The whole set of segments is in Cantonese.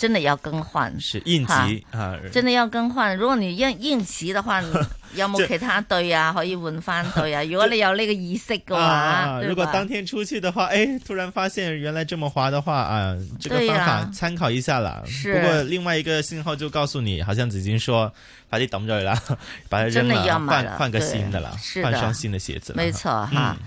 真的要更換，是應急啊！真的要更換。如果你應應急的話，有冇其他對啊？可以換翻對啊？如果你有呢個意識嘅話啊啊啊啊，如果當天出去的話，誒，突然發現原來這麼滑的話，啊，這個方法參考一下啦。是、啊。不過另外一個信號就告訴你，好像紫金說，快啲抌咗佢啦，把它扔啦，換換個新的啦，換雙新的鞋子的，沒錯哈。嗯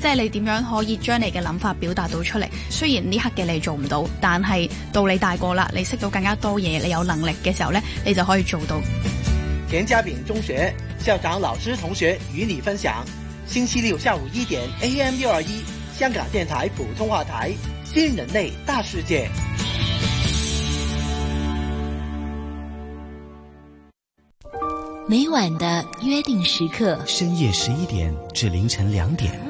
即係你點樣可以將你嘅諗法表達到出嚟？雖然呢刻嘅你做唔到，但係到你大個啦，你識到更加多嘢，你有能力嘅時候咧，你就可以做到。田家炳中學校長、老師、同學與你分享：星期六下午一點 A.M. 六二一，香港電台普通話台《新人類大世界》。每晚的約定時刻，深夜十一點至凌晨兩點。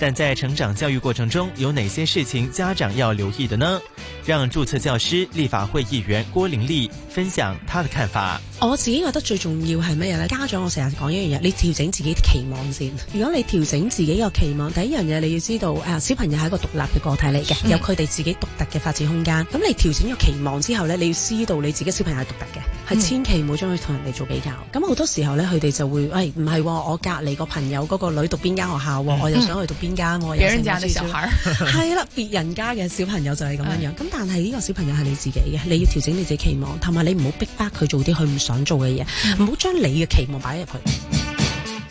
但在成長教育過程中，有哪些事情家長要留意的呢？讓註冊教師、立法會議員郭玲麗分享她的看法。我自己覺得最重要係咩咧？家長我成日講一樣嘢，你調整自己的期望先。如果你調整自己個期望，第一樣嘢你要知道，啊，小朋友係一個獨立嘅個體嚟嘅，有佢哋自己獨特嘅發展空間。咁你調整個期望之後咧，你要知道你自己小朋友係獨特嘅。係千祈唔好將佢同人哋做比較。咁好多時候咧，佢哋就會，誒唔係我隔離個朋友嗰個女讀邊間學校，嗯、我又想去讀邊間，嗯、我有成家嘅小孩。係啦，別人家嘅小， 小朋友就係咁樣樣。咁、嗯、但係呢個小朋友係你自己嘅，你要調整你自己期望，同埋你唔好逼迫佢做啲佢唔想做嘅嘢，唔、嗯、好將你嘅期望擺入去。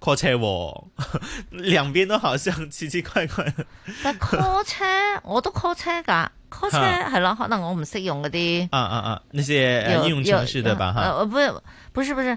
call 車喎，兩邊都好像奇奇怪怪。但、啊、call 車 我都 call 車噶，call 車係喇、啊，可能我唔識用嗰啲。啊啊啊！那些、啊、應用程式對吧？哈。呃，不，不是，不是。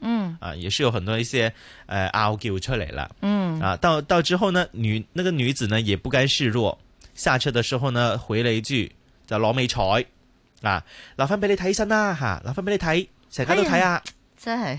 嗯，啊，也是有很多一些，呃，argue 出嚟啦，嗯，啊，到到之後呢，女那個女子呢也不甘示弱，下車的時候呢，回了一句，就攞尾彩，啊，留翻俾你睇先啦，吓，留翻俾你睇，成家都睇啊，啊哎、真係。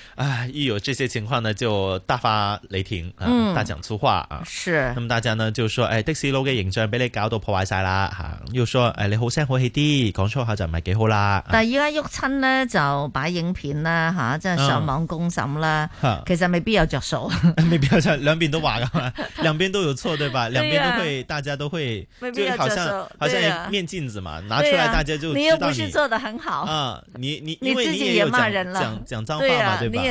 唉、啊，一有這些情況呢，就大發雷霆啊、嗯，大講粗話啊，是。那麼大家呢就說，哎的士佬嘅形象俾你搞到破壞晒啦，吓、啊。又說哎你好聲好氣啲，講粗口、啊、就唔係幾好啦。但係而家郁親呢就擺影片啦，吓，即係上網公審啦，其實未必有着數。未必有著， 兩邊都話噶 兩邊都有錯，對吧對、啊？兩邊都會，大家都會，就好像、啊、好像面鏡子嘛，拿出來大家就你，、啊、你又不是做得很好啊、嗯，你你因為你，你自己也罵人啦，講講，講髒話嘛，對，、啊、對吧？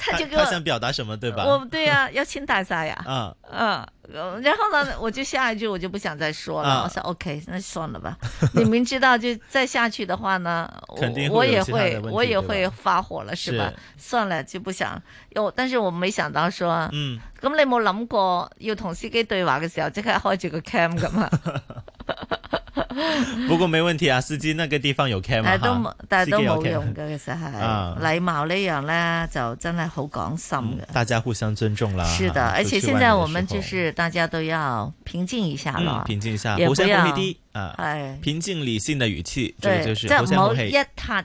他就跟我想表達什麼對吧？我對、啊、呀，要親大家呀。嗯、啊、嗯，然後呢，我就下一句我就不想再說了。啊、我說 OK，那算了吧。 你明知道就再下去的話呢， 我，我也會，會我也會發火了 是吧？算了，就不想。我但是我沒想到說， 嗯，咁你冇諗過要同司機對話嘅時候即刻開住個 cam 咁啊？ 不過沒問題啊，司機那個地方有 cam、啊、都但係都冇用嘅，其實係禮貌呢樣咧就真係好講心嘅。大家互相尊重啦，是的、的，而且現在我們就是大家都要平靜一下啦，嗯、平靜一下，互相不卑低啊、哎，平靜理性的語氣，就、這個、就是好一塌。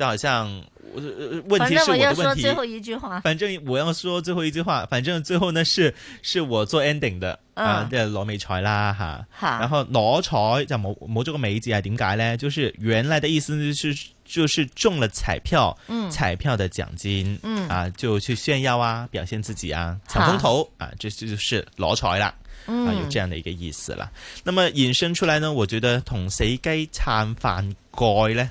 就好像、呃，問題是我的問題。反正我要說最後一句話。反正我要說最後一句話。反正最後呢是是我做 ending 的啊，這、啊“攞美彩啦”啦、啊、哈。哈然後“攞彩”就冇冇咗個“美”字啊？點解呢就是原來的意思就是就是中了彩票，嗯，彩票的獎金，嗯啊，就去炫耀啊，表現自己啊，搶風頭啊，這這就是“攞彩”啦，啊，有、就是嗯啊、這樣的一個意思了那麼引申出來呢，我覺得同死雞撐飯蓋呢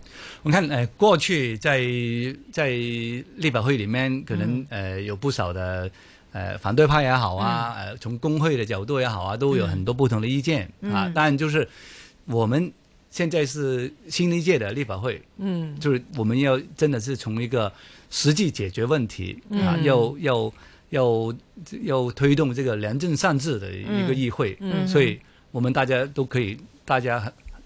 我看，誒、呃、過去在在立法會裏面，可能、嗯、呃有不少的呃反對派也好啊、嗯，呃，從工會的角度也好啊，都有很多不同的意見、嗯、啊。但就是我們現在是新一屆的立法會，嗯，就是我們要真的是從一個實際解決問題、嗯、啊，要要要要推動這個良政善治的一個議會。嗯，嗯所以我們大家都可以大家。